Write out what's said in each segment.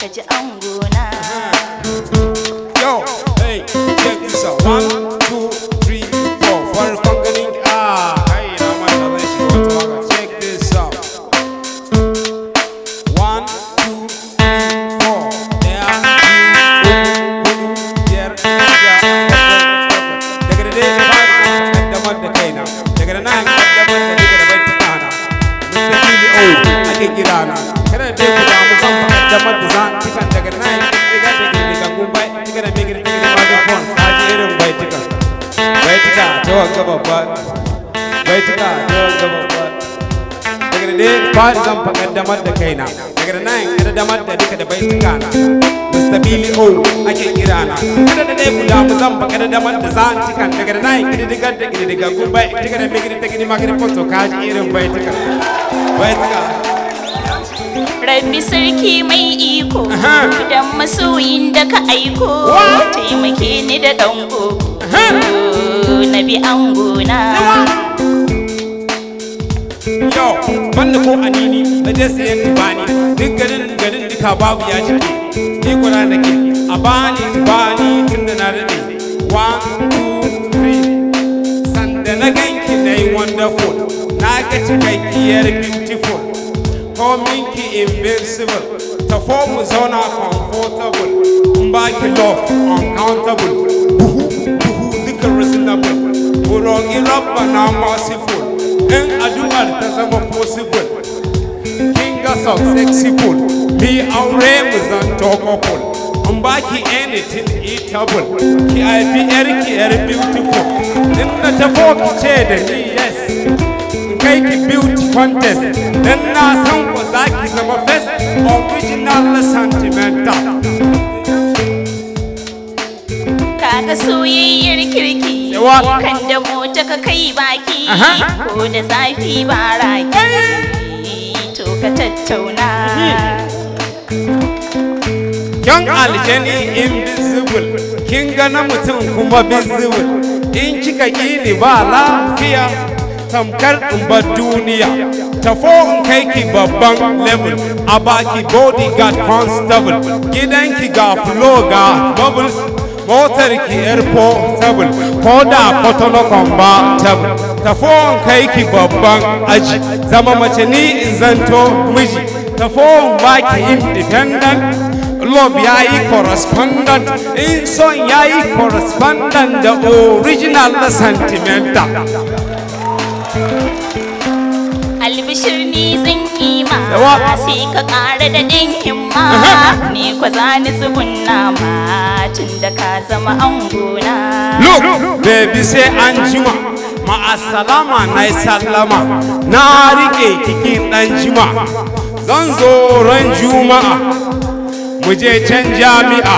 ka ji angona yo hey check this out one two three four farkon ah check this out yeah yawan gaba bai tuna gaba daga da dai zan da kaina daga da nan kaddamar da duka da bai tuka na o ake kira na kada da dai guda mu zan da zan daga da nan da ku bai tuka da irin bai tuka bai tuka Rabbi sarki mai iko, uh-huh. dan masoyin da ka aiko, taimake ni da ɗan One two three. na again, ango na yo banda ko anini na je sayan bani duk garin garin duka babu ya ci ni gura nake a bani bani tun da na rade one two three sanda na ganki na yi wonderful na ga beautiful invincible ta mu zauna comfortable in baki love uncountable from Europe and merciful. And I do possible. King of and I'm back here anything eatable. I be Eric, beautiful. the yes. Cake beauty contest. Then now some was like our best. Original sentimental. da soyayyar kirki kan damo da ka kai baki ko da zafi ba raki to ka tattauna Yan aljani invisible kin ga na mutum kuma visible in kika kini ba lafiya tamkar ba duniya tafo in kai ki babban level a baki bodyguard constable gidanki ga flow ga bubbles motar ki yar portable ko da fotolokon tafo in kai ki babban aji zama mace ni in zanto miji tafo in baki independent love ya yi correspondent in son ya yi correspondent da original da sentimental albishir sai ka ƙara da jan himma ni kwa zani tsugunna ma tunda da ka zama an gona look baby sai an jima ma'asalama na sallama na rike kikin dan jima zan zo ran juma'a mu je can jami'a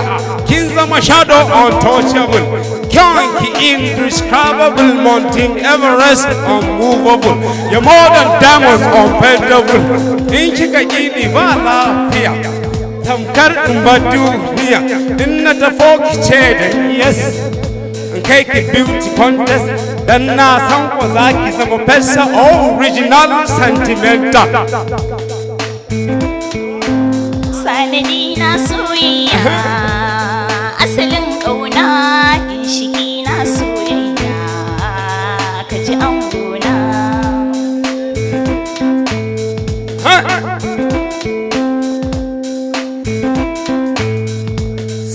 kin zama shadow untouchable county indescribable mountain Everest unmovable you're more than diamonds unbendable in kika kini ba lafiya tamkar in ba duniya in na tafo yes in beauty contest dan na san ko za ki zama fesa original sentimental sanadi na soyayya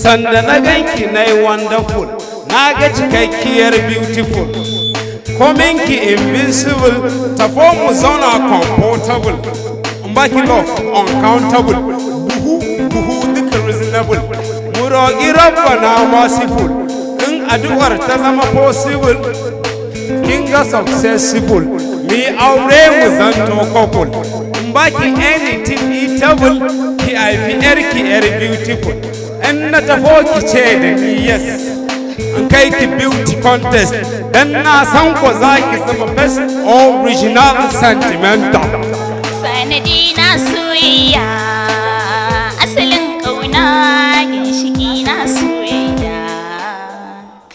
sanda na ganki na yi wonderful na ga cikakkiyar beautiful kominki invincible tafo mu zauna comfortable baki love uncountable buhu buhu duka reasonable mu roƙi na merciful in addu'ar ta zama possible kin ga successful mi aure mu zanto couple baki anything eatable haifi yarki yar beautiful in na taho ki ce da ni yes in kai ki beauty contest dan na san ko za ki zama best original sentimental sanadi na soyayya asalin kauna ginshiki na soyayya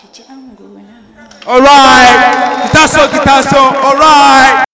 ka ji an gona all right taso ki all right